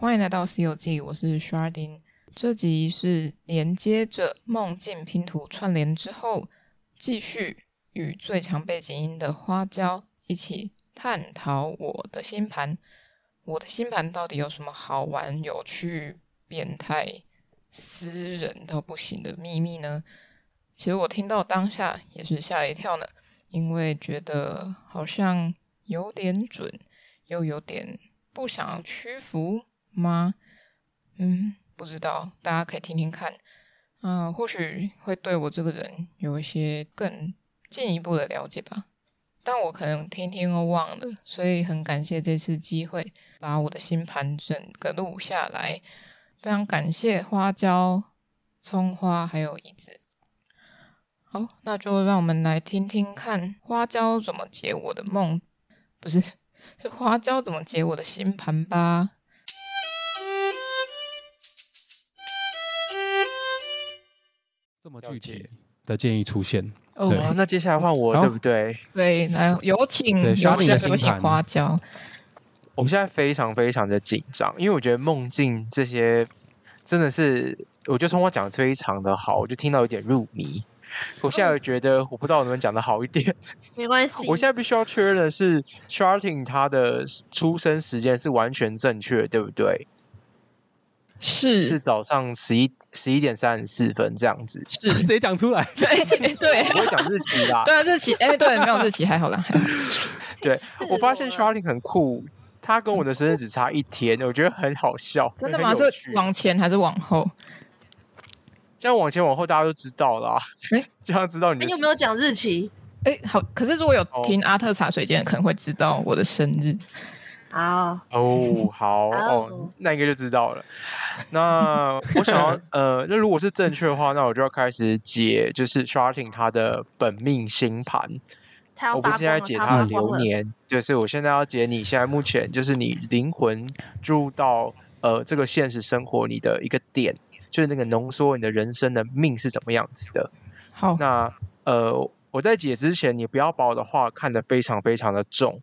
歡迎來到 C 遊記，我是 Chardin。這集是連接着夢境拼圖串聯之後，繼續與最強背景音的花椒一起探討我的星盤。我的星盤到底有什麼好玩、有趣、變態、私人到不行的祕密呢？其實我聽到當下也是嚇一跳呢，因為覺得好像有點準，又有點不想屈服。嗎？嗯，不知道，大家可以聽聽看，嗯、呃，或許會對我這個人有一些更進一步的了解吧。但我可能天天都忘了，所以很感謝這次機會把我的星盤整個錄下來，非常感謝花椒、蔥花還有椅子。好，那就讓我們來聽聽看花椒怎麼解我的夢，不是，是花椒怎麼解我的星盤吧。這麼具體的建議出現哦，那接下來換我對不對？對，來，有請花椒，我們現在非常非常的緊張，因為我覺得夢境這些真的是，我覺得從我講的非常的好，我就聽到有點入迷。我現在覺得我不知道我能不能講的好一點，沒關係。 我現在必須要確認的是 s, Chardin 他的出生時間是完全正確，對不對？是是早上十一。十一點三十四分這樣子，是誰講出來？對對，我講日期啦。對啊，日期哎，對，沒有日期還好啦。對，我發現 Chardin 很酷，他跟我的生日只差一天，我覺得很好笑。真的嗎？是往前還是往後？這樣往前往後大家都知道啦。哎，這樣知道你，你有沒有講日期？哎，好，可是如果有聽阿特茶水間，可能會知道我的生日。Oh. Oh, 好哦，好、 oh. 哦，那應該就知道了。那我想要， 呃，那如果是正確的話，那我就要開始解，就是 Chardin 他的本命星盤。他我不是現在解他的流年，就是我現在要解你現在目前就是你靈魂注入到呃這個現實生活裡的一個點，就是那個濃縮你的人生的命是怎麼樣子的。好，那呃，我在解之前，你不要把我的話看得非常非常的重。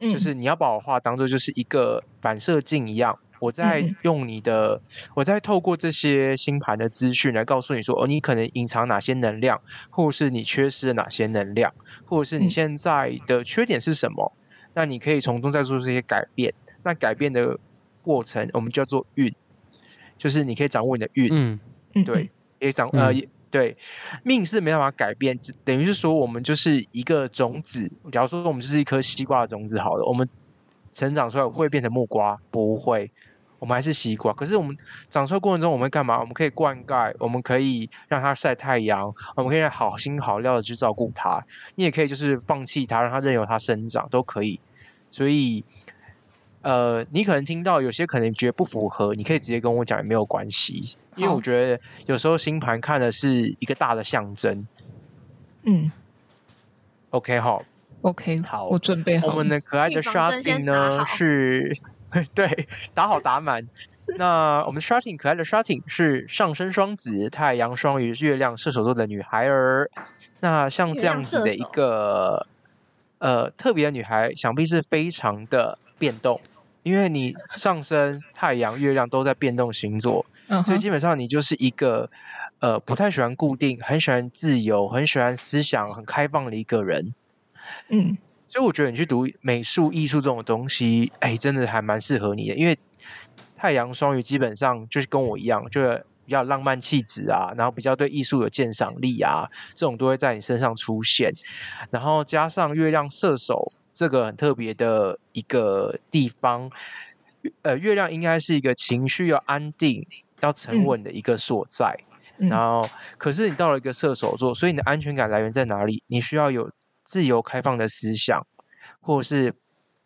就是你要把我話當做就是一個反射鏡一樣，我在用你的，嗯、我在透過這些星盤的資訊來告訴你說，哦，你可能隱藏哪些能量，或是你缺失了哪些能量，或者是你現在的缺點是什麼，嗯、那你可以從中再做一些改變。那改變的過程，我們叫做運，就是你可以掌握你的運。嗯，對，也掌、嗯、呃。對，命是沒辦法改變，等於是說我們就是一個種子。假如說我們就是一顆西瓜的種子，好了，我們成長出來會變成木瓜，不會，我們還是西瓜。可是我們長出來過程中，我們會幹嘛？我們可以灌溉，我們可以讓它曬太陽，我們可以好心好料的去照顧它。你也可以就是放棄它，讓它任由它生長都可以。所以，呃，你可能聽到有些可能覺得不符合，你可以直接跟我講，也沒有關係。因為我覺得有時候星盤看的是一個大的象徵。嗯。OK 好吼 OK 好，我準備好，我們的可愛的 Chardin 呢是，對，打好打滿。 那我們的 Chardin 可愛的 Chardin 是上升雙子、太陽雙魚、月亮射手座的女孩兒。那像這樣子的一個，呃，特別的女孩，想必是非常的變動，因為你上升、太陽、月亮都在變動星座。所以基本上你就是一個，呃，不太喜歡固定，很喜歡自由，很喜歡思想，很開放的一個人。嗯，所以我覺得你去讀美術、藝術這種東西，哎，真的還蠻適合你的。因為太陽雙魚基本上就是跟我一樣，就是比較浪漫氣質啊，然後比較對藝術有鑑賞力啊，這種都會在你身上出現。然後加上月亮射手，這個很特別的一個地方，呃，月亮應該是一個情緒要安定。要沉穩的一個所在，嗯嗯、然後可是你到了一個射手座，所以你的安全感來源在哪裡？你需要有自由開放的思想，或者是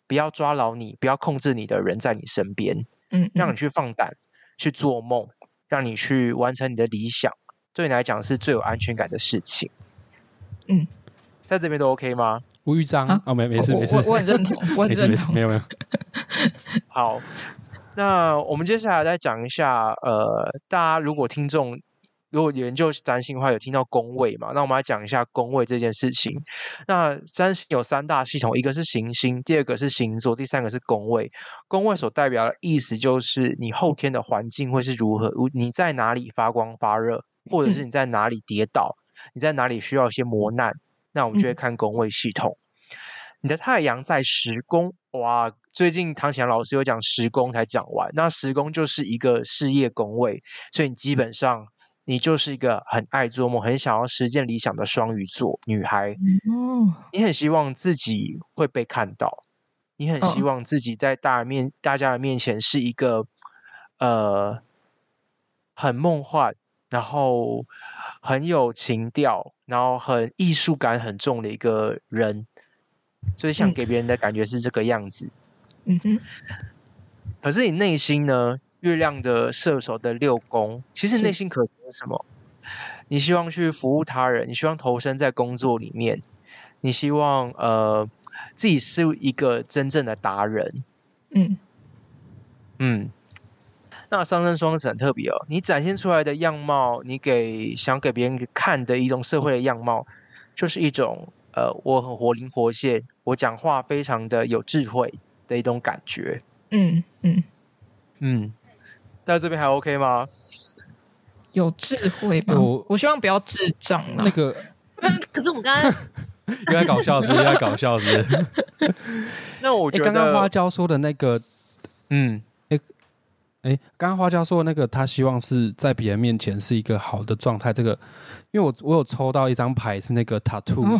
不要抓牢你、不要控制你的人在你身邊、嗯，嗯，讓你去放膽、去做夢、讓你去完成你的理想，對你來講是最有安全感的事情。嗯，在這邊都 OK 嗎？吳玉章，啊，哦、沒沒事沒事，我很認同， 沒事，我很認同沒事沒事，沒有沒有， 好。那我們接下來再講一下，呃，大家如果聽眾如果研究占星的話，有聽到宮位嘛？那我們來講一下宮位這件事情。那占星有三大系統，一個是行星，第二個是星座，第三個是宮位。宮位所代表的意思就是你後天的環境會是如何，你在哪裡發光發熱，或者是你在哪裡跌倒，你在哪裡需要一些磨難，那我們就會看宮位系統。嗯。你的太陽在十宮。哇，最近唐前老師有講十宮才講完，那十宮就是一個事業宮位，所以你基本上你就是一個很愛做夢、很想要實現理想的雙魚座女孩。嗯，你很希望自己會被看到，你很希望自己在大面大家的面前是一個呃很夢幻，然後很有情調，然後很藝術感很重的一個人。所以，想給別人的感覺是這個樣子。嗯，嗯哼。可是，你內心呢？月亮的射手的六宮，其實內心可能是什麼？是你希望去服務他人，你希望投身在工作裡面，你希望呃，自己是一個真正的達人。嗯嗯。那上升雙子很特別哦，你展現出來的樣貌，你給想給別人看的一種社會的樣貌，嗯、就是一種。呃，我很活靈活現，我講話非常的有智慧的一種感覺。嗯嗯嗯，在、嗯嗯、這邊還 OK 嗎？有智慧吧，我我希望不要智障。那個，嗯、可是我們剛剛，應該 搞笑子，應該 搞笑子，是 那我剛剛、欸、花椒說的那個，嗯，哎剛剛花椒說的那個，他希望是在別人面前是一個好的狀態。這個，因為我我有抽到一張牌是那個 Tattoo、哦。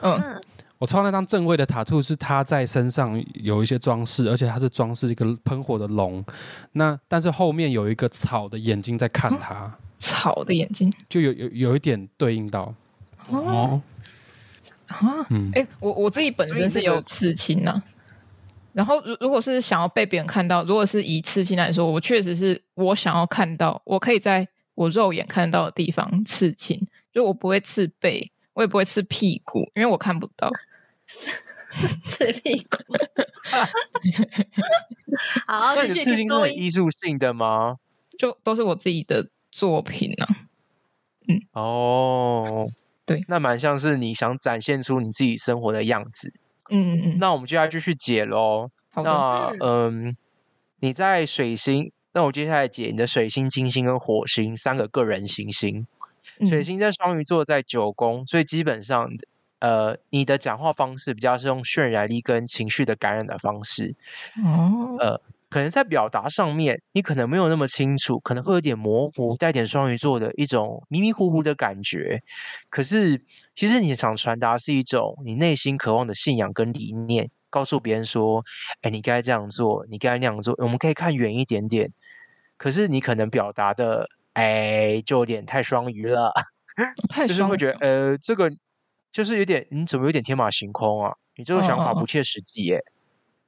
嗯，我抽到那張正位的塔兔是它，在身上有一些裝飾，而且它是裝飾一個噴火的龍。那但是後面有一個草的眼睛在看它，嗯，草的眼睛就有有有一點對應到哦啊，啊嗯，哎、欸，我我自己本身是有刺青吶、啊。青然後如如果是想要被別人看到，如果是以刺青來說，我確實是我想要看到，我可以在我肉眼看到的地方刺青，所以我不會刺背。我也不會吃屁股，因為我看不到。吃 屁股。 好，那你刺青是很藝術性的嗎？就都是我自己的作品呢、啊。嗯。哦。Oh, 對。那蠻像是你想展現出你自己生活的樣子。嗯嗯。那我們接下來繼續解嘍。的那嗯、呃，你在水星？那我接下來解你的水星、金星跟火星三個個人行星。水星在雙魚座在九，在九宮，所以基本上，呃，你的講話方式比較是用渲染力跟情緒的感染的方式，哦，呃，可能在表達上面，你可能沒有那麼清楚，可能會有點模糊，帶點雙魚座的一種迷迷糊糊的感覺。可是，其實你想傳達是一種你內心渴望的信仰跟理念，告訴別人說，哎，你該這樣做，你該那樣做。我們可以看遠一點點，可是你可能表達的。哎，就有點太雙魚了， 就是會覺得，呃，這個就是有點，你怎麼有點天馬行空啊？你這個想法不切實際耶、欸，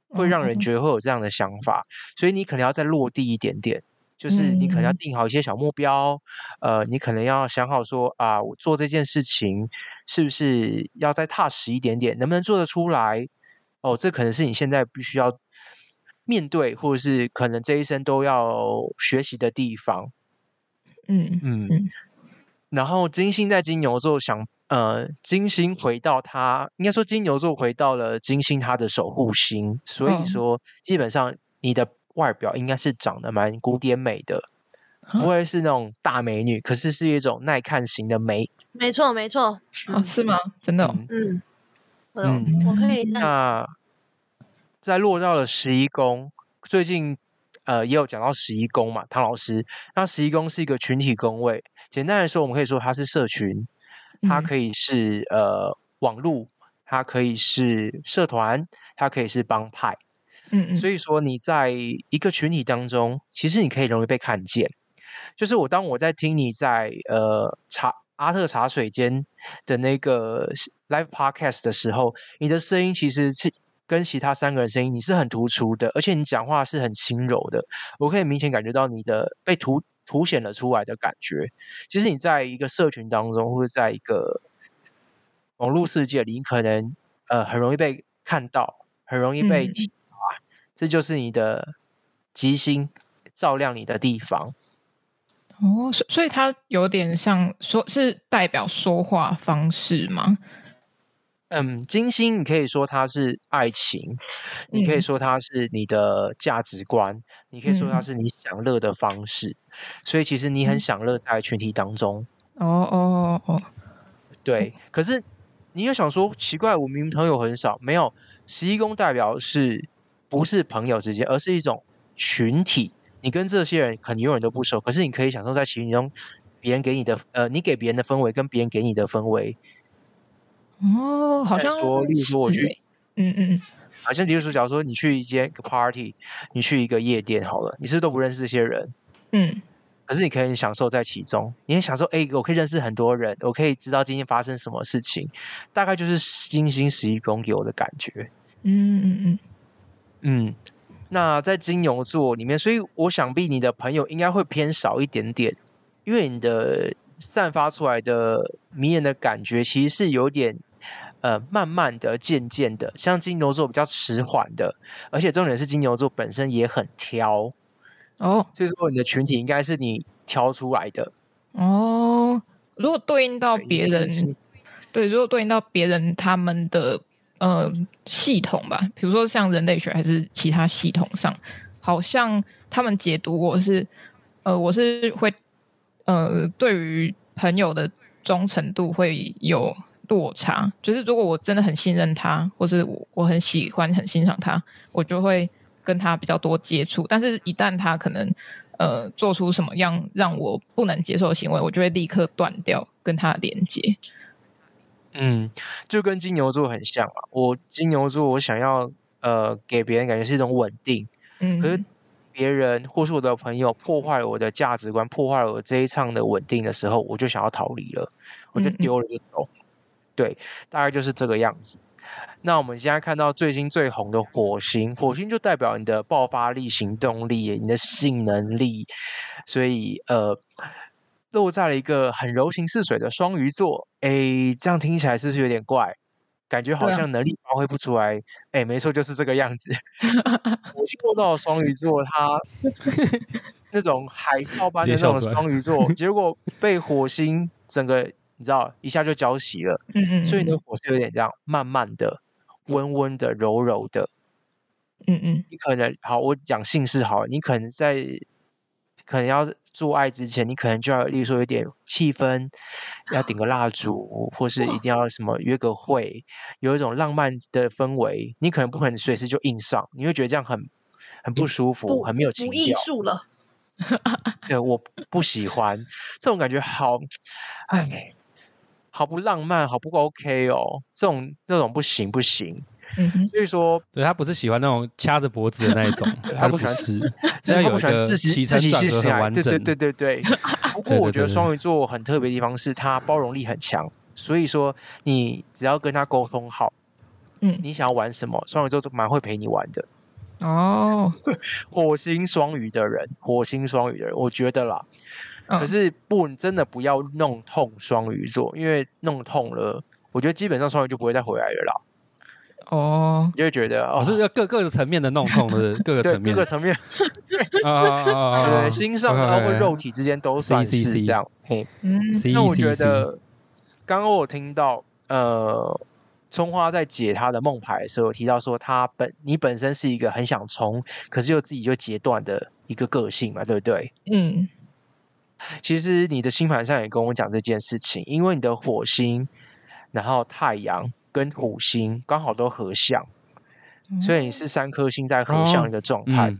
哦、會讓人覺得會有這樣的想法，嗯、所以你可能要再落地一點點，就是你可能要定好一些小目標，嗯、呃，你可能要想好說啊、呃，我做這件事情是不是要再踏實一點點，能不能做得出來？哦、呃，這可能是你現在必須要面對，或者是可能這一生都要學習的地方。嗯嗯，嗯然後金星在金牛座，想，想呃，金星回到他，應該說金牛座回到了金星，他的守護星。所以說，基本上你的外表應該是長得蠻古典美的，不會是那種大美女，可是是一種耐看型的美。沒錯，沒錯。嗯哦、是嗎？真的、哦？嗯。嗯，嗯我可以那再落到了十一宮，最近。呃，也有講到十一宮嘛，唐老師。那十一宮是一個群體宮位，簡單來說，我們可以說它是社群，它可以是、嗯、呃網絡，它可以是社團，它可以是幫派。嗯嗯。所以說，你在一個群體當中，其實你可以容易被看見。就是我當我在聽你在呃茶阿特茶水間的那個 live podcast 的時候，你的聲音其實是。跟其他三個人聲音，你是很突出的，而且你講話是很輕柔的，我可以明顯感覺到你的被凸凸、凸顯了出來的感覺。其實你在一個社群當中，或者在一個網絡世界裡，可能呃很容易被看到，很容易被提啊。嗯、這就是你的吉星照亮你的地方。哦，所所以它有點像說，是代表說話方式嗎？嗯，金星，你可以說它是愛情，嗯、你可以說它是你的價值觀，嗯、你可以說它是你享樂的方式，嗯、所以其實你很享樂在群體當中。哦，哦哦哦，對。可是你又想說，奇怪，我明明朋友很少，沒有十一宮代表是不是朋友之間，而是一種群體？你跟這些人可能永遠都不熟，可是你可以享受在群體中別人給你的呃，你給別人的氛圍跟別人給你的氛圍。哦，好像說，例如說我嗯嗯嗯，好、嗯啊、像比如說，假如說你去一間個 party，你去一個夜店好了，你是不是都不認識這些人？嗯，可是你可以享受在其中，你也享受，哎，我可以認識很多人，我可以知道今天發生什麼事情，大概就是金星十一宮給我的感覺。嗯嗯嗯嗯，嗯,嗯，那在金牛座裡面，所以我想必你的朋友應該會偏少一點點，因為你的散發出來的迷人的感覺其實是有點。呃，慢慢的、漸漸的，像金牛座比較遲緩的，而且重點是金牛座本身也很挑哦，所以說你的群體應該是你挑出來的哦。如果對應到別人，對，如果對應到別人，他們的呃系統吧，比如說像人類學還是其他系統上，好像他們解讀我是，呃，我是會呃，對於朋友的忠誠度會有。差就是，如果我真的很信任他，或是我，我很喜歡、很欣賞他，我就會跟他比較多接觸。但是，一旦他可能呃做出什麼樣讓我不能接受的行為，我就會立刻斷掉跟他連接。嗯，就跟金牛座很像嘛。我金牛座，我想要呃給別人感覺是一種穩定。嗯，可是別人或是我的朋友破壞我的價值觀，破壞我這一場的穩定的時候，我就想要逃離了，嗯嗯，我就丟了就走。對，大概就是這個樣子。那我們現在看到最新最紅的火星，火星就代表你的爆發力、行動力、你的性能力，所以呃，落在了一個很柔情似水的雙魚座。哎，這樣聽起來是不是有點怪？感覺好像能力發揮不出來。哎、啊，沒錯，就是這個樣子。火星落到雙魚座，它 那種海嘯般的那種雙魚座，結果被火星整個。你知道一下就焦熄了，嗯，嗯嗯，所以呢，火是有點這樣慢慢的、溫溫的、柔柔的，嗯嗯。你可能好，我講性事好了，你可能在可能要做愛之前，你可能就要，例如說有點氣氛，要點個蠟燭，啊、或是一定要什麼約個會，哇有一種浪漫的氛圍。你可能不可能隨時就硬上，你會覺得這樣很很不舒服，嗯、很沒有情調。不藝術了， 對，我不喜歡這種感覺，好，哎。嗯好不浪漫，好不 OK 哦，這種、這種不行不行。嗯、哼所以說，對他不是喜歡那種掐着脖子的那一種， 對他不喜歡，吃，是他不喜歡自己、自己性格很完整西西。對對對對 不過我覺得雙魚座很特別的地方是，他包容力很強。 所以說，你只要跟他溝通好，嗯，你想要玩什麼，雙魚座都蠻會陪你玩的。哦， 火星雙魚的人，火星雙魚的人，我覺得啦。可是不、uh. 你真的不要弄痛雙魚座，因為弄痛了，我覺得基本上雙魚就不會再回來了啦。哦，oh. 你就會覺得、啊、哦，是各個層面的弄痛的 對 各個層面，各個層面， 嗯、對，對，對，心上或肉體之間都是一樣。嗯，那我覺得剛剛我有聽到呃，蔥花在解他的夢牌的時候，我提到說，他本你本身是一個很想衝，可是又自己就截斷的一個個性嘛，對不對？嗯。其實你的星盤上也跟我講這件事情，因為你的火星、然後太陽跟土星剛好都合相，嗯、所以你是三顆星在合相一個狀態。哦嗯、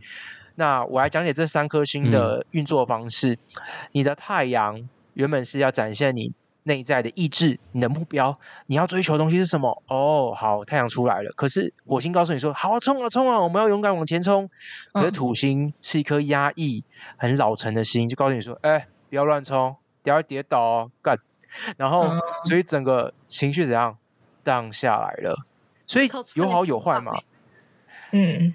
那我來講解這三顆星的運作方式。嗯、你的太陽原本是要展現你內在的意志，你的目標，你要追求的東西是什麼？哦，好，太陽出來了。可是火星告訴你說，好衝啊衝啊,啊，我們要勇敢往前衝。可是土星是一顆壓抑、很老成的星，就告訴你說，哎、欸。不要亂衝，等下跌倒哦、幹。然後，所以整個情緒怎樣，down 下來了。所以有好有壞嘛。嗯。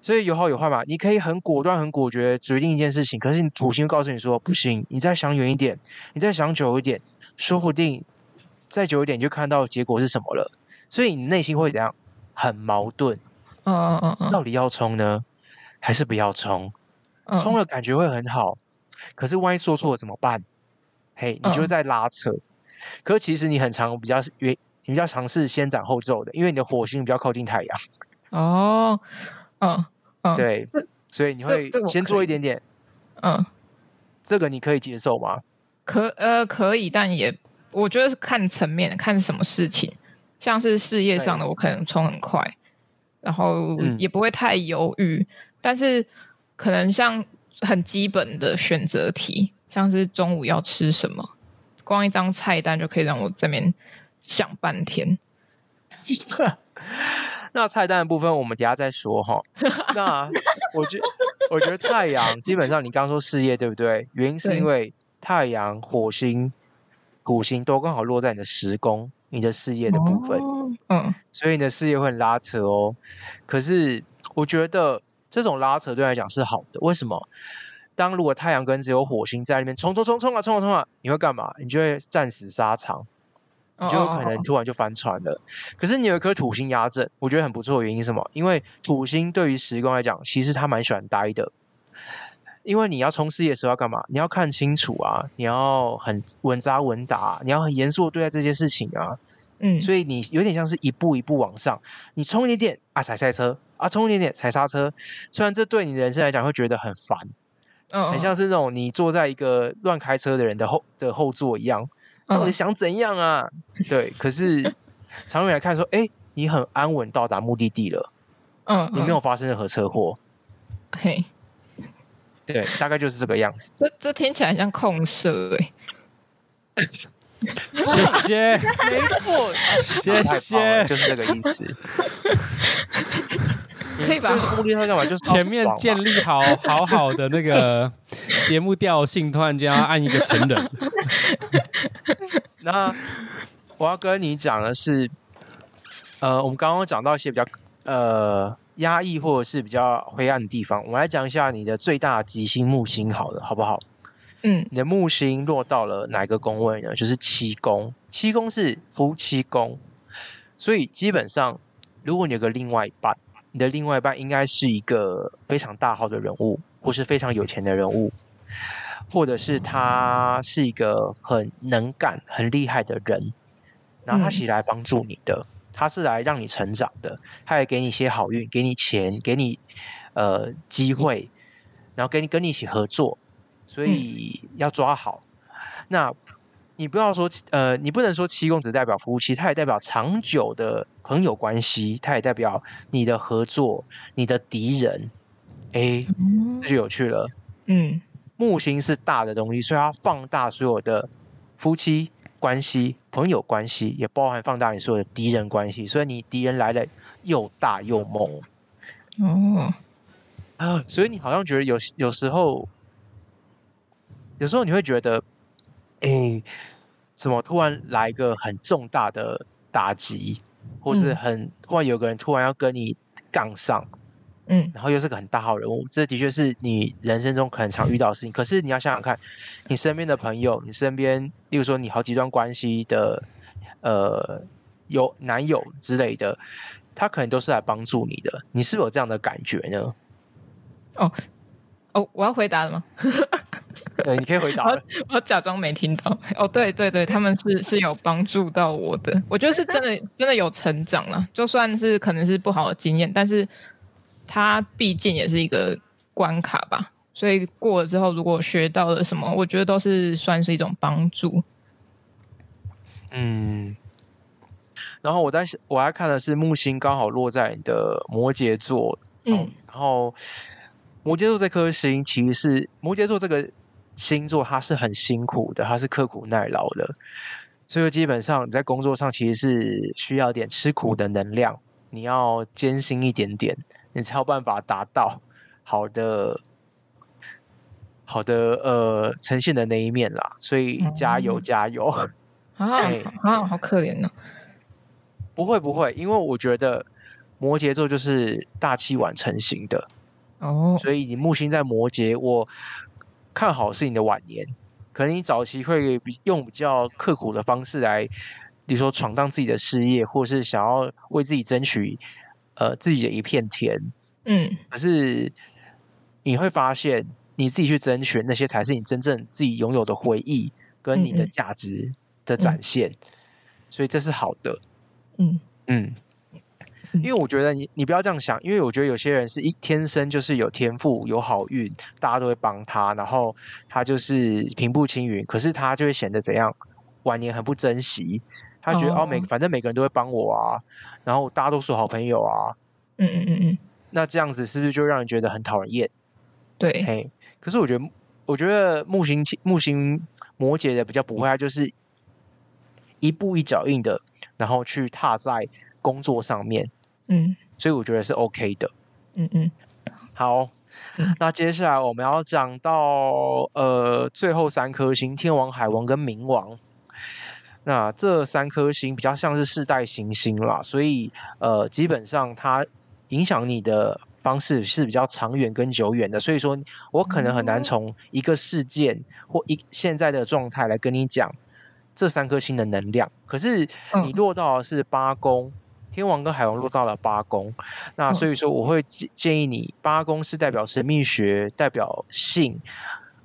所以有好有壞嘛。你可以很果斷、很果決決定一件事情，可是你土星會告訴你說：“不行。”你再想遠一點，你再想久一點，說不定再久一點就看到結果是什麼了。所以你內心會怎樣？很矛盾。嗯嗯嗯。到底要衝呢，還是不要衝？衝、嗯、了感覺會很好。可是萬一說錯了怎麼辦？嘿、hey，你就在拉扯。嗯、可是其實你很常比較你比較嘗試先斬後奏的，因為你的火星比較靠近太陽。哦，嗯嗯，對，這所以你會先做一點點。嗯，這個你可以接受嗎？可呃可以，但也我覺得是看層面，看什麼事情。像是事業上的，我可能衝很快，嘿然後也不會太猶豫。嗯、但是可能像。很基本的選擇題，像是中午要吃什麼，光一張菜單就可以讓我在那邊想半天。 那菜單的部分我們等一下再說哈。 那我覺我覺得太陽基本上你剛說事業對不對？原因是因為太陽、火星、土星都剛好落在你的十宮、你的事業的部分，哦、嗯，所以你的事業會很拉扯哦。可是我覺得。這種拉扯對你來講是好的，為什麼？當如果太陽跟只有火星在那邊衝衝衝衝啊，衝啊衝啊衝啊，你會幹嘛？你就會戰死沙場，你就有可能突然就翻船了。哦哦哦，可是你有一顆土星壓陣，我覺得很不錯的原因是什麼？因為土星對於時光來講，其實他蠻喜歡待的。因為你要衝事業的時候要幹嘛？你要看清楚啊，你要很穩紮穩打，你要很嚴肅的對待這些事情啊。嗯，所以你有點像是一步一步往上，你衝一點點啊，踩賽車。啊，衝一點點，踩剎車。雖然這對你的人生來講會覺得很煩，嗯，oh、很像是那種你坐在一個亂開車的人的後，的後座一樣，到底想怎樣啊？Oh、對，可是 長遠來看，說，哎，你很安穩到達目的地了，嗯，oh、你沒有發生任何車禍，嘿，oh、對，大概就是這個樣子。Hey. 這這聽起來像控射、欸，哎 謝謝，沒錯，謝謝，就是這個意思。 就是目的上幹嘛？就是前面建立好好好的那個節目調性，突然間要按一個成人。 那我要跟你講的是，呃，我們剛剛講到一些比較呃壓抑或者是比較灰暗的地方。我們來講一下你的最大吉星木星，好了，好不好？嗯，你的木星落到了哪個宮位呢？就是七宮，七宮是夫妻宮，所以基本上如果你有個另外一半。你的另外一半應該是一個非常大號的人物，或是非常有錢的人物，或者是他是一個很能幹、很厲害的人，然後他起來幫助你的，嗯、他是來讓你成長的，他也給你一些好運，給你錢，給你呃機會，然後跟你跟你一起合作，所以要抓好。那。你不要說，呃，你不能說七宮代表夫妻，它也代表長久的朋友關係，它也代表你的合作，你的敵人，哎，這就有趣了。嗯，木星是大的東西，嗯、所以它放大所有的夫妻關係、朋友關係，也包含放大你所有的敵人關係，所以你敵人來了又大又猛。哦，啊，所以你好像覺得有有時候，有時候你會覺得。哎，怎麼突然來一個很重大的打擊，或是很、嗯、突然有個人突然要跟你槓上，嗯，然後又是個很大號人物，這的確是你人生中很常遇到的事情。可是你要想想看，你身邊的朋友，你身邊，例如說你好幾段關係的，呃，有男友之類的，他可能都是來幫助你的。你是不是有這樣的感覺呢？哦。哦，oh, 我要回答了嗎？ 對，你可以回答了 我。我假裝沒聽到。哦、oh,，對對對，他們是是有幫助到我的。我覺得是真的真的有成長了，就算是可能是不好的經驗，但是他畢竟也是一個關卡吧。所以過了之後，如果學到了什麼，我覺得都是算是一種幫助。嗯。然後我在我還看的是木星剛好落在你的摩羯座。嗯。然後。嗯然後摩羯座這顆星其實是摩羯座這個星座，它是很辛苦的，它是刻苦耐勞的，所以基本上你在工作上其實是需要點吃苦的能量，你要艱辛一點點，你才有辦法達到好的、好的呃呈現的那一面啦。所以加油加油啊啊、嗯！ 好可憐哦，不會不會，因為我覺得摩羯座就是大器晚成型的。哦，所以你木星在摩羯，我看好是你的晚年。可能你早期會比用比較刻苦的方式來，比如說闖蕩自己的事業，或是想要為自己爭取呃自己的一片天。嗯，可是你會發現你自己去爭取那些才是你真正自己擁有的回憶跟你的價值的展現，嗯嗯、所以這是好的。嗯嗯。嗯因為我覺得你你不要這樣想，因為我覺得有些人是一天生就是有天賦、有好運，大家都會幫他，然後他就是平步青雲。可是他就會顯得怎樣，晚年很不珍惜，他覺得、oh. 哦，每反正每個人都會幫我啊，然後大家都是好朋友啊。嗯嗯嗯嗯，hmm. 那這樣子是不是就讓人覺得很討厭？對。嘿，hey, 可是我覺得我覺得木星木星摩羯的比較不會，他就是一步一腳印的，然後去踏在工作上面。嗯，所以我覺得是 OK 的。嗯嗯，好，嗯、那接下來我們要講到呃最後三顆星，天王、海王跟冥王。那這三顆星比較像是世代行星啦，所以呃基本上它影響你的方式是比較長遠跟久遠的。所以說，我可能很難從一個事件或一現在的狀態來跟你講這三顆星的能量。可是你落到的是八宮。嗯天王跟海王落到了八宮，那所以說我會建議你，八宮是代表神秘學，代表性。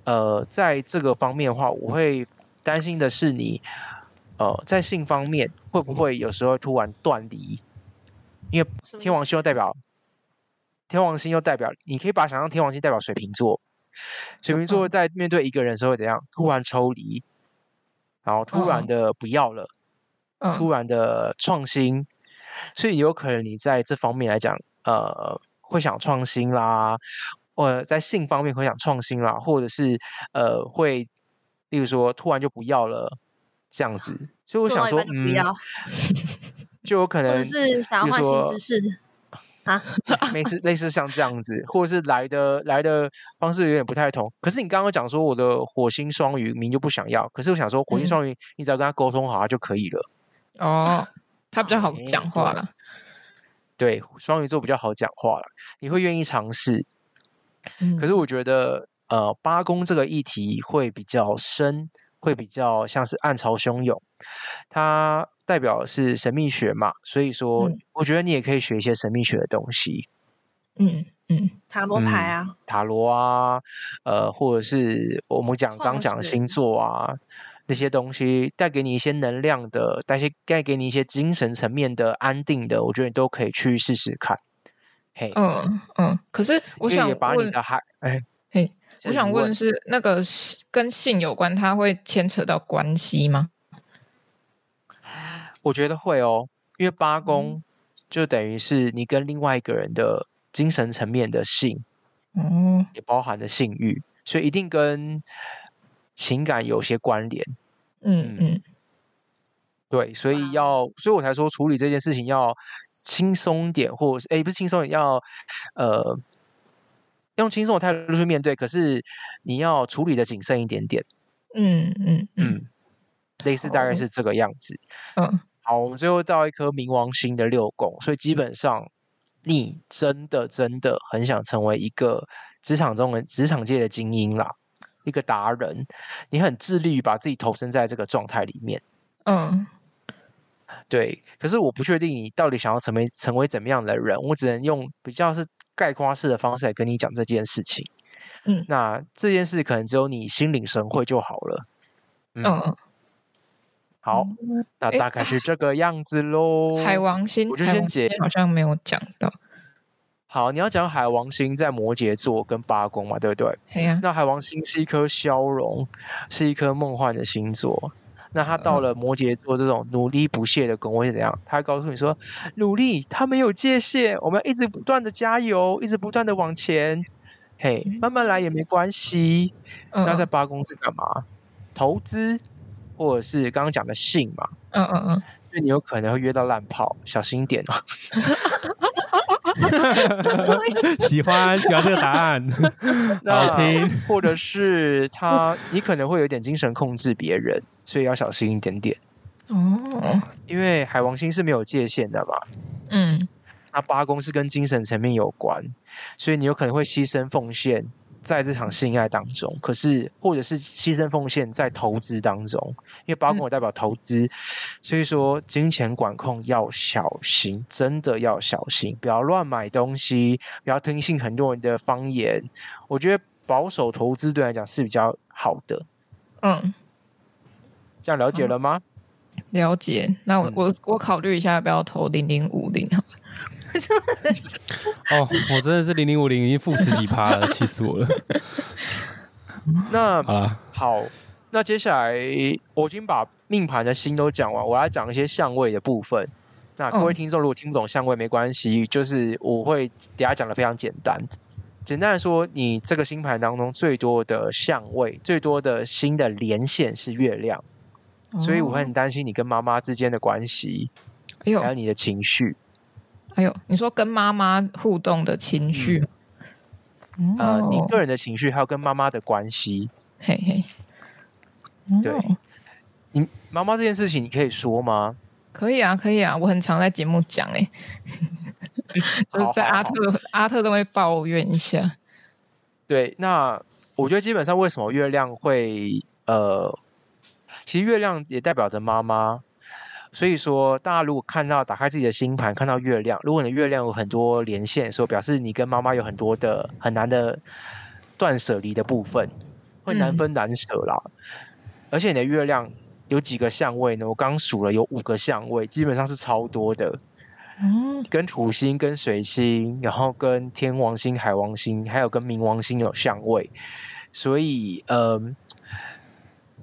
呃，在這個方面的話，我會擔心的是你，呃，在性方面會不會有時候突然斷離？因為天王星又代表，是不是？天王星又代表，你可以把想象天王星代表水瓶座，水瓶座在面對一個人的時候會怎樣？突然抽離，然後突然的不要了，oh. Oh. 突然的創新。所以有可能你在這方面來講，呃，會想創新啦，呃，在性方面會想創新啦，或者是呃，會例如說突然就不要了這樣子。所以我想說，就不要嗯，就有可能是想要換新姿勢啊， 類似類似像這樣子，或者是來的來的方式有點不太同。可是你剛剛有講說我的火星雙魚，你就不想要。可是我想說，火星雙魚，嗯、你只要跟他溝通好、啊、就可以了哦。呃啊他比較好講話了，嗯，對，雙魚座比較好講話了，你會願意嘗試。嗯，可是我覺得，呃，八宮這個議題會比較深，會比較像是暗潮洶湧。它代表的是神秘學嘛，所以說，嗯，我覺得你也可以學一些神秘學的東西。嗯嗯，塔羅牌啊，嗯，塔羅啊，呃，或者是我們講剛講的星座啊。這些東西帶給你一些能量的，帶些帶給你一些精神層面的安定的，我覺得你都可以去試試看。嘿、hey, 嗯，嗯嗯，可是我想問，哎，嘿，誒我想問是，嗯、那個跟性有關，它會牽扯到關係嗎？我覺得會哦，因為八宮就等於是你跟另外一個人的精神層面的性，嗯，也包含著性慾，所以一定跟。情感有些關聯，嗯嗯，嗯，對，所以要，所以我才說處理這件事情要輕鬆點，或是哎、欸，不是輕鬆，要呃，用輕鬆的態度去面對。可是你要處理的謹慎一點點，嗯嗯嗯，嗯，類似大概是這個樣子。嗯好，好，我們最後到一顆冥王星的六宮，所以基本上你真的真的很想成為一個職場中的職場界的精英啦。一個達人，你很致力於把自己投身在這個狀態裡面。嗯，對。可是我不確定你到底想要成為成為怎麼樣的人，我只能用比較是概括式的方式來跟你講這件事情。嗯，那這件事可能只有你心領神會就好了。嗯，嗯，好，那大概是這個樣子嘍、欸。海王星，我就先解，好像沒有講到。好，你要講海王星在摩羯座跟八宮嘛，對不對？啊、那海王星是一顆消融，是一顆夢幻的星座。那他到了摩羯座這種努力不懈的宮位，我怎樣？他告訴你說，努力，他沒有界限，我們要一直不斷的加油，一直不斷的往前。嘿、hey，慢慢來也沒關係。嗯、那在八宮是幹嘛？嗯、投資，或者是剛剛講的性嘛？嗯嗯嗯。因為你有可能會約到爛炮，小心一點啊、哦。 喜歡喜歡這個答案， 那好聽，或者是他，你可能會有點精神控制別人，所以要小心一點點哦、嗯。因為海王星是沒有界限的嘛，嗯，他八宮是跟精神層面有關，所以你有可能會犧牲奉獻。在這場性愛當中，可是或者是犧牲奉獻在投資當中，因為八宮我代表投資，嗯、所以說金錢管控要小心，真的要小心，不要亂買東西，不要聽信很多人的方言。我覺得保守投資對來講是比較好的。嗯，這樣了解了嗎？嗯、了解。那我我、嗯、我考慮一下要不要投零零五零， 哦，我真的是零零五零已經負十幾趴了，氣死我了。 那、啊、好，那接下來我已經把命盤的星都講完，我要講一些相位的部分。那各位聽眾、哦、如果聽不懂相位沒關係，就是我會給大家講的非常簡單。簡單來說，你這個星盤當中最多的相位、最多的星的連線是月亮，所以我很擔心你跟媽媽之間的關係，哦、還有你的情緒。哎還有、哎，你說跟媽媽互動的情緒，嗯、呃，呃嗯、你個人的情緒，還有跟媽媽的關係，嘿嘿，嗯、對，你媽媽這件事情你可以說嗎？可以啊，可以啊，我很常在節目講、欸，哎， 就是在阿特，好好好，阿特都會抱怨一下。對，那我覺得基本上為什麼月亮會呃，其實月亮也代表着媽媽。所以說，大家如果看到打開自己的星盤，看到月亮，如果你的月亮有很多連線，所以表示你跟媽媽有很多的很難的斷舍離的部分，會難分難舍啦。而且你的月亮有幾個相位呢？我剛數了有五個相位，基本上是超多的。嗯，跟土星、跟水星，然後跟天王星、海王星，還有跟冥王星有相位，所以，嗯。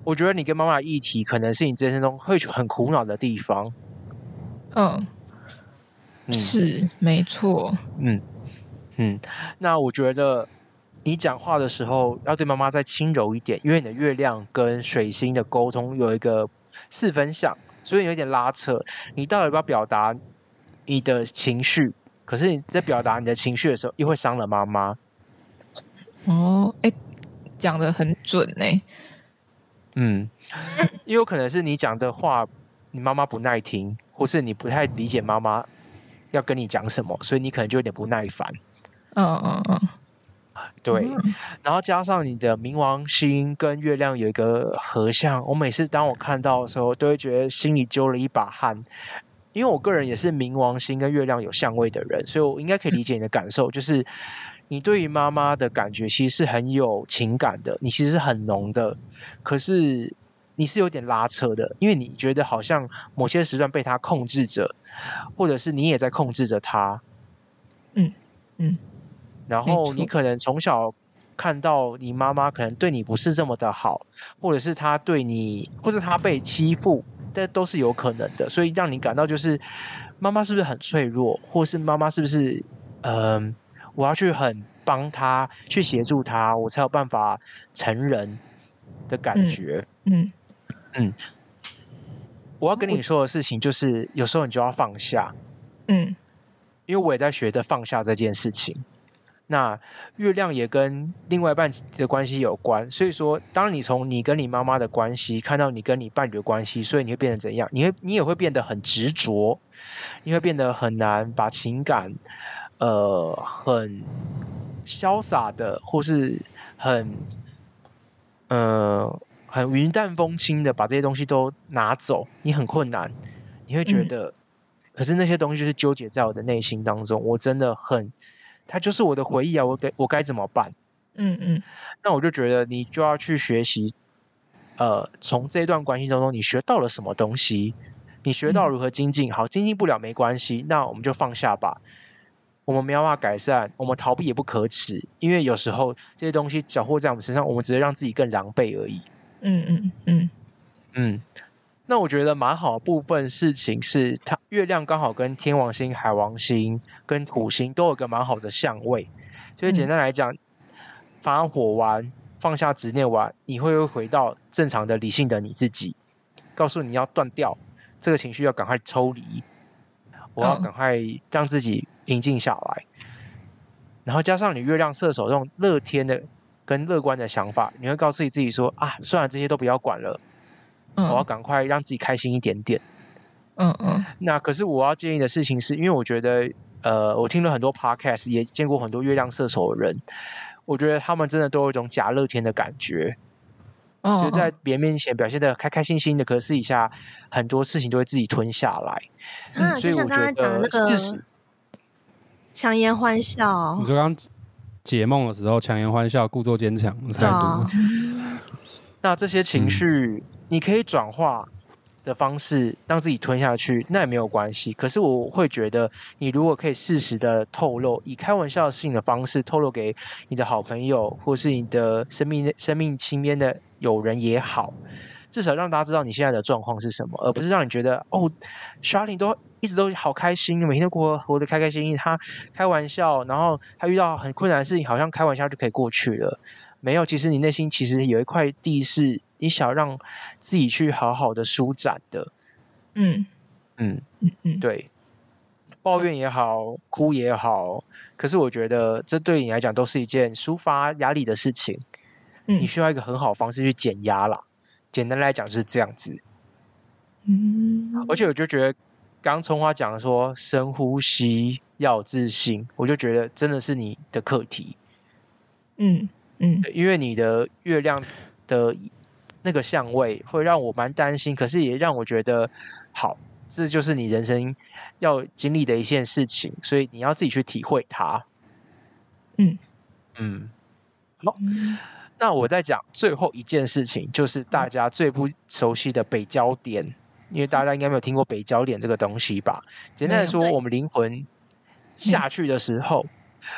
我覺得你跟媽媽的議題可能是你這生中會很苦惱的地方。嗯、哦，是，嗯、沒錯。嗯嗯，那我覺得你講話的時候要對媽媽再輕柔一點，因為你的月亮跟水星的溝通有一個四分相，所以有點拉扯。你到底要不要表達你的情緒？可是你在表達你的情緒的時候，又會傷了媽媽。哦，哎，講得很準呢、欸。嗯，也有可能是你講的話，你媽媽不耐聽，或是你不太理解媽媽要跟你講什麼，所以你可能就有點不耐煩。嗯嗯嗯，對。然後加上你的冥王星跟月亮有一個合相，我每次當我看到的時候，都會覺得心裡揪了一把汗。因為我個人也是冥王星跟月亮有相位的人，所以我應該可以理解你的感受，就是。你對於媽媽的感覺其實是很有情感的，你其實是很濃的，可是你是有點拉扯的，因為你覺得好像某些時段被她控制着，或者是你也在控制着她，嗯嗯，嗯然後你可能從小看到你媽媽可能對你不是這麼的好，或者是她對你，或是她被欺負，這都是有可能的，所以讓你感到就是媽媽是不是很脆弱，或是媽媽是不是嗯。呃我要去很幫他去協助他，我才有辦法成人的感覺。嗯嗯，嗯，我要跟你說的事情就是，我有時候你就要放下。嗯，因為我也在學着放下這件事情。那月亮也跟另外一半的關係有關，所以說，當你從你跟你媽媽的關係看到你跟你伴侶的關係，所以你會變成怎樣？你會你也會變得很執着，你會變得很難把情感。呃，很瀟灑的，或是很，呃，很雲淡風輕的，把這些東西都拿走，你很困難，你會覺得，嗯、可是那些東西是糾結在我的內心當中，我真的很，它就是我的回憶啊，我該我該怎麼辦？嗯嗯，那我就覺得你就要去學習，呃，從這一段關係當中，中你學到了什麼東西？你學到如何精進？嗯、好，精進不了沒關係，那我們就放下吧。我們沒有辦法改善，我們逃避也不可恥，因為有時候這些東西攪和在我們身上，我們只是讓自己更狼狽而已。嗯嗯嗯嗯，那我覺得蠻好的部分事情是，它月亮剛好跟天王星、海王星跟土星都有個蠻好的相位，所以簡單來講，發、嗯、火完放下執念完，你會不會回到正常的理性的你自己，告訴你要斷掉這個情緒，要趕快抽離，我要趕快讓自己、哦。平靜下來，然後加上你月亮射手這種樂天的跟樂觀的想法，你會告訴自己，自己說：“啊，雖然這些都不要管了，嗯、我要趕快讓自己開心一點點。嗯”嗯嗯。那可是我要建議的事情是，因為我覺得，呃，我聽了很多 podcast，也見過很多月亮射手的人，我覺得他們真的都有一種假樂天的感覺。哦、嗯。就在別人面前表現得開開心心的，可是私底下很多事情都會自己吞下來。嗯，所以我覺得、那個、是。強顏歡笑。你說剛解夢的時候強顏歡笑、故作堅強，對那這些情緒，你可以轉化的方式，讓自己吞下去，嗯、那也沒有關係。可是我會覺得，你如果可以適時的透露，以開玩笑的事情的方式透露給你的好朋友，或是你的生命、生命親邊的友人也好。至少讓大家知道你現在的狀況是什麼，而不是讓你覺得哦，Chardin 都一直都好開心，每天都過活得開開心心。他開玩笑，然後他遇到很困難的事情，好像開玩笑就可以過去了。沒有，其實你內心其實有一塊地是你想要讓自己去好好的舒展的。嗯嗯嗯嗯，對，抱怨也好，哭也好，可是我覺得這對你來講都是一件抒發壓力的事情。你需要一個很好的方式去減壓啦。簡單來講是這樣子，嗯，而且我就覺得，剛剛花椒講的說深呼吸要自信，我就覺得真的是你的課題，嗯嗯，嗯，因為你的月亮的那個相位會讓我蠻擔心，可是也讓我覺得好，這就是你人生要經歷的一件事情，所以你要自己去體會它，嗯嗯，好。嗯那我在講最後一件事情，就是大家最不熟悉的北交點，因為大家應該沒有聽過北交點這個東西吧？簡單來說，有我們靈魂下去的時候，嗯、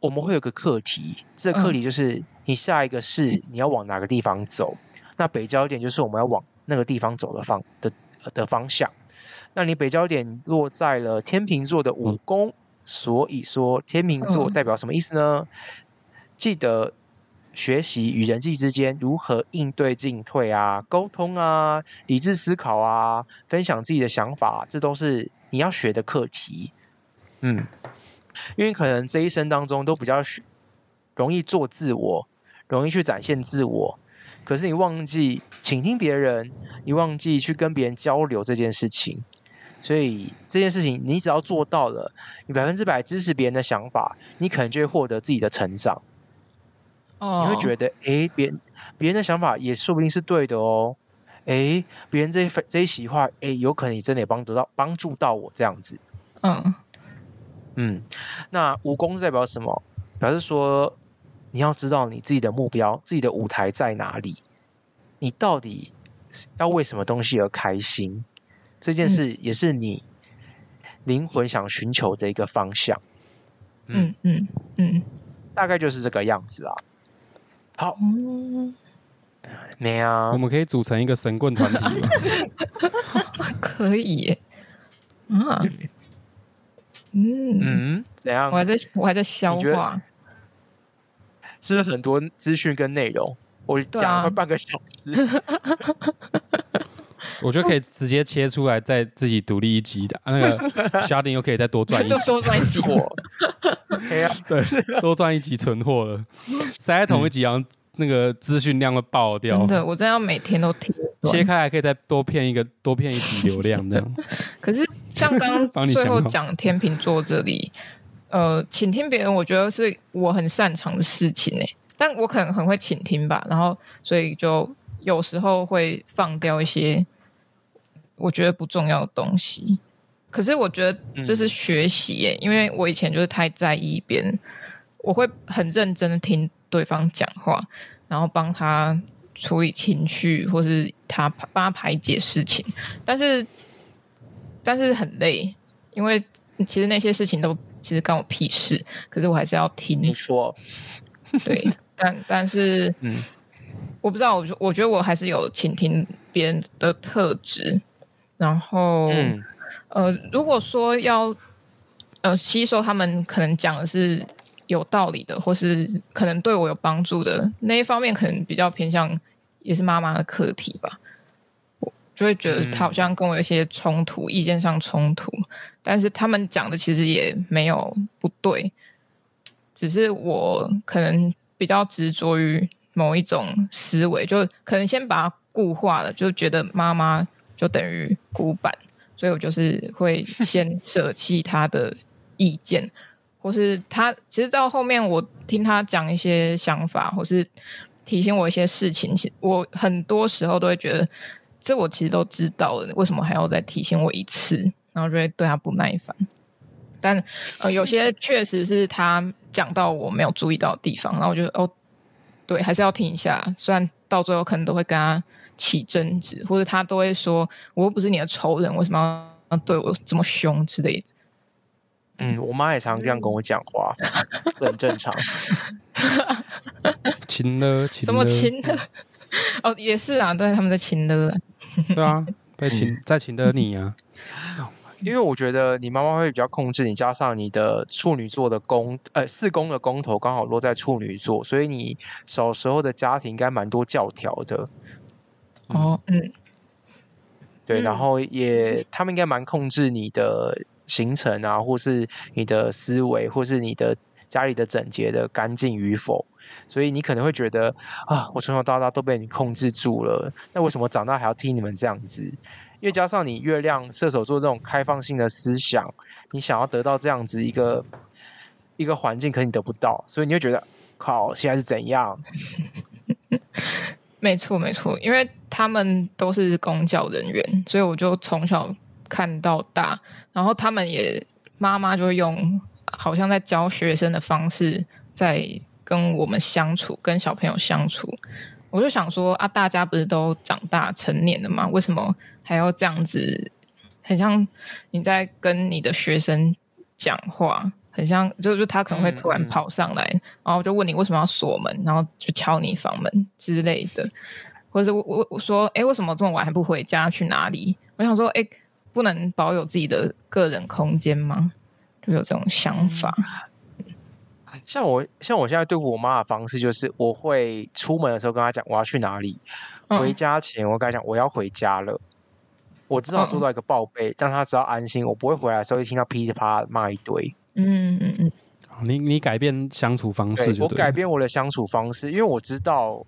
我們會有個課題，這個、課題就是、嗯、你下一個是你要往哪個地方走。那北交點就是我們要往那個地方走的方的的方向。那你北交點落在了天秤座的五宮，嗯、所以說天秤座代表什麼意思呢？嗯、記得。學習與人際之間如何應對進退啊、溝通啊、理智思考啊、分享自己的想法，這都是你要學的課題。嗯，因為可能這一生當中都比較容易做自我，容易去展現自我，可是你忘記傾聽別人，你忘記去跟別人交流這件事情。所以這件事情，你只要做到了，你百分之百支持別人的想法，你可能就會獲得自己的成長。你會覺得，哎，別人別人的想法也說不定是對的哦。哎，別人這這一席話，哎，有可能你真的也幫得到幫助到我這樣子。嗯、oh. 嗯，那五宮代表什麼？表示說你要知道你自己的目標，自己的舞台在哪裡。你到底要為什麼東西而開心？這件事也是你靈魂想尋求的一個方向。嗯嗯嗯，嗯嗯大概就是這個樣子啊。好，嗯，我們可以組成一個神棍團體。 可以，啊、嗯，嗯嗯，怎樣？我還在，我還在消化，是不是很多資訊跟內容？我講了快半個小時。 我覺得可以直接切出來，再自己獨立一集的、啊，那個小丁又可以再多賺一多賺一集貨，對，多賺一集存貨了。塞在同一集，然後那個資訊量會爆掉。真的，我真的要每天都聽。切開還可以再多騙一個多騙一集流量的。 可是像剛剛最後講天秤座這裡，呃，傾聽別人，我覺得是我很擅長的事情誒、欸，但我可能很會傾聽吧，然後所以就有時候會放掉一些。我覺得不重要的東西，可是我覺得這是學習耶，嗯、因為我以前就是太在意別人，我會很認真的聽對方講話，然後幫他處理情緒，或是他幫他排解事情，但是但是很累，因為其實那些事情都其實關我屁事，可是我還是要聽你說， 對，但但是，嗯、我不知道，我我覺得我還是有傾聽別人的特質。然後，嗯、呃，如果說要呃吸收他們可能講的是有道理的，或是可能對我有幫助的那一方面，可能比較偏向也是媽媽的課題吧。我就會覺得他好像跟我有一些衝突，嗯、意見上衝突。但是他們講的其實也沒有不對，只是我可能比較執着於某一種思維，就可能先把它固化了，就覺得媽媽。就等於古板，所以我就是會先捨棄他的意見， 或是他其實到後面我聽他講一些想法，或是提醒我一些事情，我很多時候都會覺得這我其實都知道了，為什麼還要再提醒我一次？然後就會對他不耐煩。但呃，有些確實是他講到我沒有注意到的地方，然後我就哦，對，還是要聽一下。雖然到最後可能都會跟他起爭執，或者他都會說：“我又不是你的仇人，我為什麼要對我這麼凶？”之類的。嗯，我媽也常這樣跟我講話， 很正常。親的，怎麼親的？哦，也是啊，對，他們在親的。對啊，被親、嗯、在親的你啊，因為我覺得你媽媽會比較控制你，加上你的處女座的宮，呃，四宮的宮頭剛好落在處女座，所以你小時候的家庭應該蠻多教條的。嗯、哦，嗯，對，然後也，他們應該蠻控制你的行程啊，或是你的思維，或是你的家裡的整潔的乾淨與否，所以你可能會覺得啊，我從小到大都被你控制住了，那為什麼長大還要聽你們這樣子？因為加上你月亮射手座這種開放性的思想，你想要得到這樣子一個一個環境，可你得不到，所以你就覺得靠，現在是怎樣？ 沒錯沒錯，因為他們都是公教人員，所以我就從小看到大，然後他們也媽媽就用好像在教學生的方式在跟我們相處，跟小朋友相處。我就想說啊，大家不是都長大成年了嗎？為什麼還要這樣子？很像你在跟你的學生講話。很像，就是就他可能會突然跑上來，嗯、然後就問你為什麼要鎖門，然後就敲你房門之類的，或者我我我說，哎、欸，為什麼這麼晚還不回家？去哪裡？我想說，哎、欸，不能保有自己的個人空間嗎？就有這種想法。像我像我現在對付我媽的方式，就是我會出門的時候跟她講我要去哪裡，嗯、回家前我跟她講我要回家了，我至少做到一個報備，讓、嗯、她知道安心，我不會回來的時候一聽到噼里啪啦罵一堆。嗯嗯嗯，你你改變相處方式，我改變我的相處方式，因為我知道，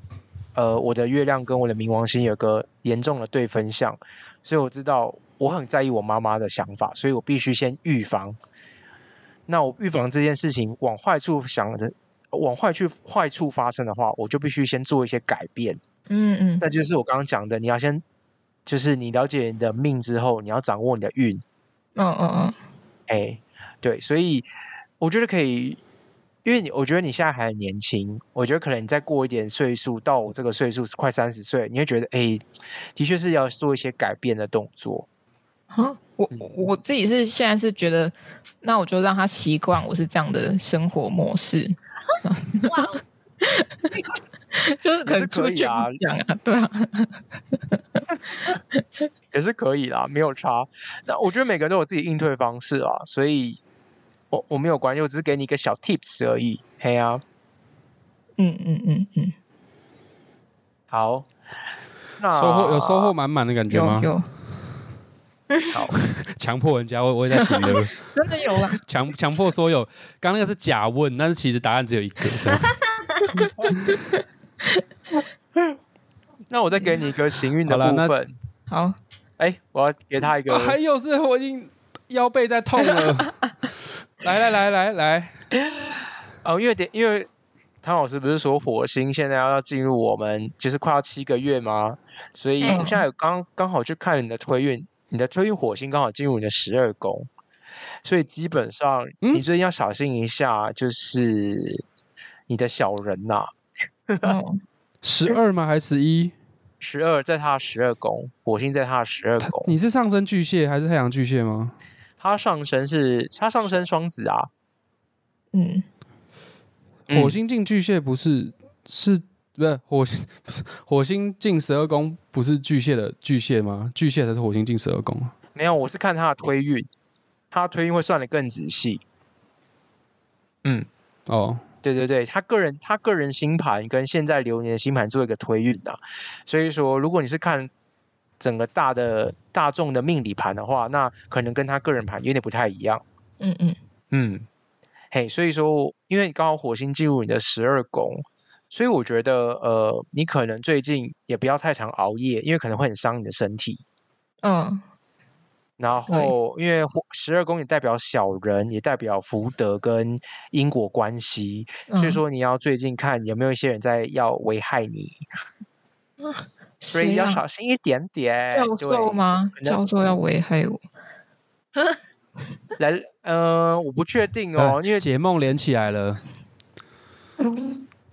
呃，我的月亮跟我的冥王星有個嚴重的對分相，所以我知道我很在意我媽媽的想法，所以我必須先預防。那我預防這件事情往壞處想的，往壞去壞處發生的話，我就必須先做一些改變。嗯嗯，那就是我剛剛講的，你要先，就是你了解你的命之後，你要掌握你的運。嗯嗯嗯，哎、欸。對，所以我覺得可以，因為你我覺得你現在還很年輕，我覺得可能你再過一點歲數，到我這個歲數快三十歲，你會覺得哎，的確是要做一些改變的動作。啊，我我自己是現在是覺得，那我就讓他習慣我是這樣的生活模式，就是可以這樣啊，對啊，也是可以啦，沒有差。那我覺得每個人都有自己應對方式啊，所以。我沒有關係，我只是給你一個小 tips 而已。嘿啊，嗯嗯嗯嗯，嗯嗯好，那收穫有收穫滿滿的感覺嗎？有，有好，強 迫人家，我我也在強迫， 真的有啊，強強迫說有。剛那個是假問，但是其實答案只有一個。 那我再給你一個幸運的部分。嗯嗯、好啦，那好，哎、欸，我要給他一個。還有是，我已經腰背在痛了。 來來來來來，哦，因為點因為湯老師不是說火星現在要要進入我們，其實快要七個月嗎？所以現在剛、嗯、剛好去看你的推運，你的推運火星剛好進入你的十二宮，所以基本上你最近要小心一下，就是你的小人吶、啊。十 二、嗯、嗎？還是十一？十二在他的十二宮，火星在他的十二宮。你是上升巨蟹還是太陽巨蟹嗎？他上升是他上升雙子啊，嗯，火星進巨蟹不是是不是？火星不是火星進十二宮不是巨蟹的巨蟹嗎？巨蟹才是火星進十二宮。沒有，我是看他的推運，他推運會算得更仔細。嗯，哦，對對對，他個人他個人星盤跟現在流年星盤做一個推運的啊，所以說如果你是看，整個大的大眾的命理盤的話，那可能跟他個人盤有點不太一樣。嗯嗯嗯，嘿、嗯，hey, 所以說，因為你剛好火星進入你的十二宮，所以我覺得，呃，你可能最近也不要太常熬夜，因為可能會很傷你的身體。嗯、哦。然後，對因為十二宮也代表小人，也代表福德跟因果關係，所以說你要最近看有沒有一些人在要危害你。啊啊、所以要小心一點點，教授嗎？對教授要危害我？ 來，嗯、呃，我不確定哦，啊、因為解夢連起來了。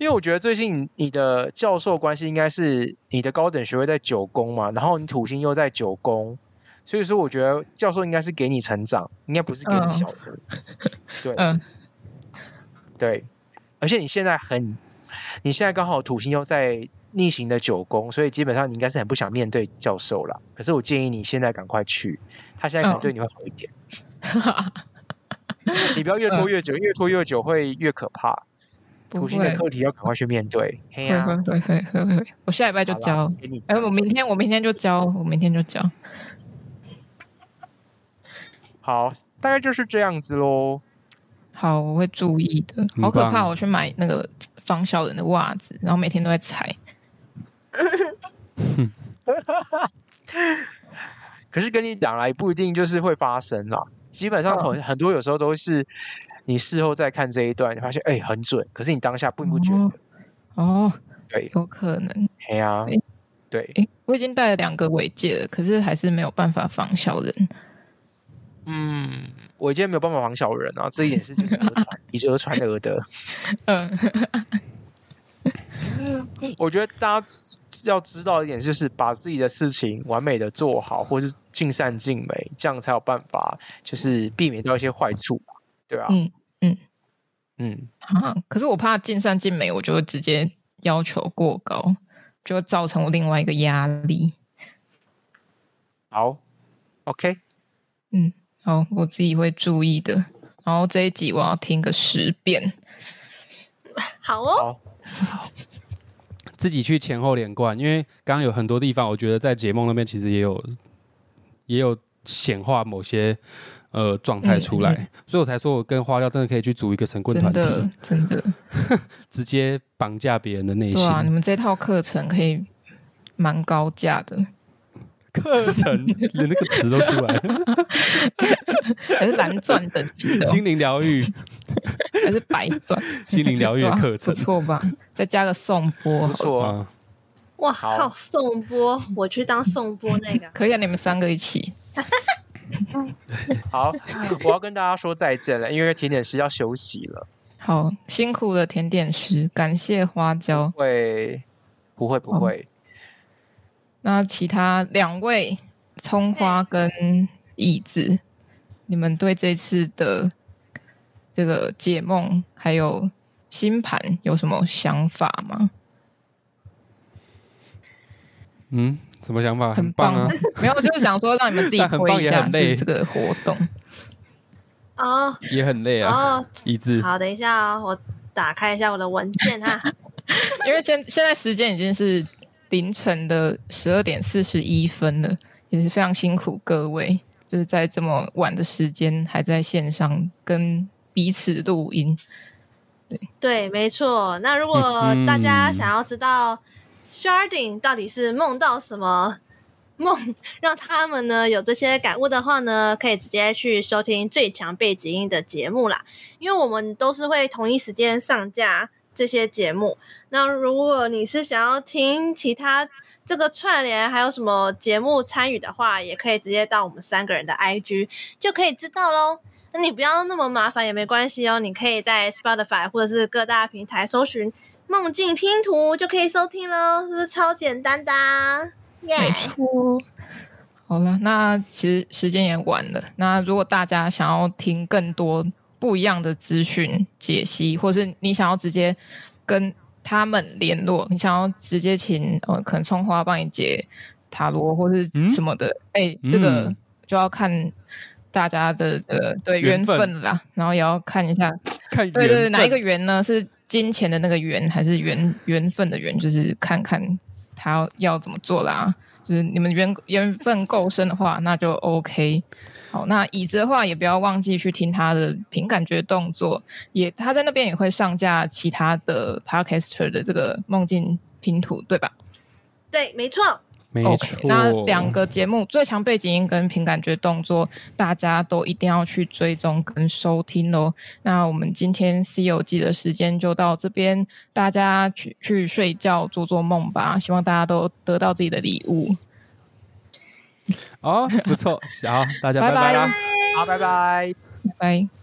因為我覺得最近你的教授關係應該是你的高等學位在九宮嘛，然後你土星又在九宮，所以說我覺得教授應該是給你成長，應該不是給你小人。嗯、對，嗯，對，而且你現在很，你現在剛好土星又在。逆行的九宮，所以基本上你應該是很不想面對教授了。可是我建議你現在趕快去，他現在可能對你會好一點。嗯、 你不要越拖越久，嗯、越拖越久會越可怕。土星會的課題要趕快去面對。對對對，我下禮拜就交給你。哎、欸，我明天我明天就交，我明天就交。好，大概就是這樣子嘍。好，我會注意的。好可怕！我去買那個防小人的襪子，棒然後每天都在踩。 可是跟你講了也不一定就是會發生啦。基本上很很多有時候都是你事後再看這一段，你發現哎、欸、很準，可是你當下並不，不覺得。哦，哦對，有可能。對呀、啊，欸、對、欸，我已經帶了兩個尾戒了，可是還是沒有辦法防小人。嗯，尾戒沒有辦法防小人啊，這一點是值 得以訛傳訛的。嗯。 我覺得大家要知道一點，就是把自己的事情完美的做好，或是盡善盡美，這樣才有辦法，就是避免掉一些壞處，對吧，啊嗯？嗯嗯嗯、啊。可是我怕盡善盡美，我就會直接要求過高，就會造成我另外一個壓力。好，OK。嗯，好，我自己會注意的。然後這一集我要聽個十遍。好哦。好自己去前後連貫，因為剛剛有很多地方，我覺得在解夢那邊其實也有也有顯化某些呃狀態出來，嗯嗯、所以我才說我跟花椒真的可以去組一個神棍團體真的，真的直接綁架別人的內心。哇、啊，你們這套課程可以蠻高價的，課程連那個詞都出來了， 還是藍鑽等級的，心靈療癒。還是白鑽 心靈療癒的課程 不錯吧？再加個送波不錯，啊。哇好靠！送波，我去當送波那個 可以啊？你們三個一起 好，我要跟大家說再見了，因為甜點師要休息了。好辛苦了甜點師，感謝花椒。會不會不會？不會不會 oh. 那其他兩位蔥花跟椅子，Okay. 你們對這次的？這個解夢還有星盤有什麼想法嗎？嗯，什麼想法？很棒啊！沒有，就是想說，讓你們自己推一下這個活動哦，也很累啊。好，等一下啊，我打開一下我的文件啊，因為現現在時間已經是凌晨的十二點四十一分了，也是非常辛苦各位，就是在這麼晚的時間還在線上跟。彼此錄音，對，對沒錯。那如果大家想要知道 Chardin 到底是夢到什麼夢，讓他們呢有這些感悟的話呢，可以直接去收聽最強背景音的節目啦。因為我們都是會同一時間上架這些節目。那如果你是想要聽其他這個串聯還有什麼節目參與的話，也可以直接到我們三個人的 IG 就可以知道嘍。那你不要那麼麻煩也沒關係哦，你可以在 Spotify 或者是各大平台搜尋《夢境拼圖》就可以收聽嘍，是不是超簡單的、啊？Yeah、沒錯。好了，那其實時間也晚了。那如果大家想要聽更多不一樣的資訊解析，或是你想要直接跟他們聯絡，你想要直接請呃、哦，可能蔥花幫你解塔羅或是什麼的，哎、嗯欸，這個就要看。大家的呃、這個、對緣分，分了啦，然後也要看一下，看對，對對，哪一個緣呢？是金錢的那個緣，還是緣、緣分的緣？就是看看他要怎麼做啦、啊。就是你們緣、緣分夠深的話，那就 OK。好，那椅子的話，也不要忘記去聽他的憑感覺動作，也他在那邊也會上架其他的 Podcaster 的這個夢境拼圖，對吧？對，沒錯。沒錯，okay, 那兩個節目《最強背景音》跟《憑感覺動作》，大家都一定要去追蹤跟收聽嘍。那我們今天《C 遊記》的時間就到這邊，大家去去睡覺做做夢吧。希望大家都得到自己的禮物。哦，不錯， 好，大家拜拜啦！Bye bye, 好，拜拜，拜。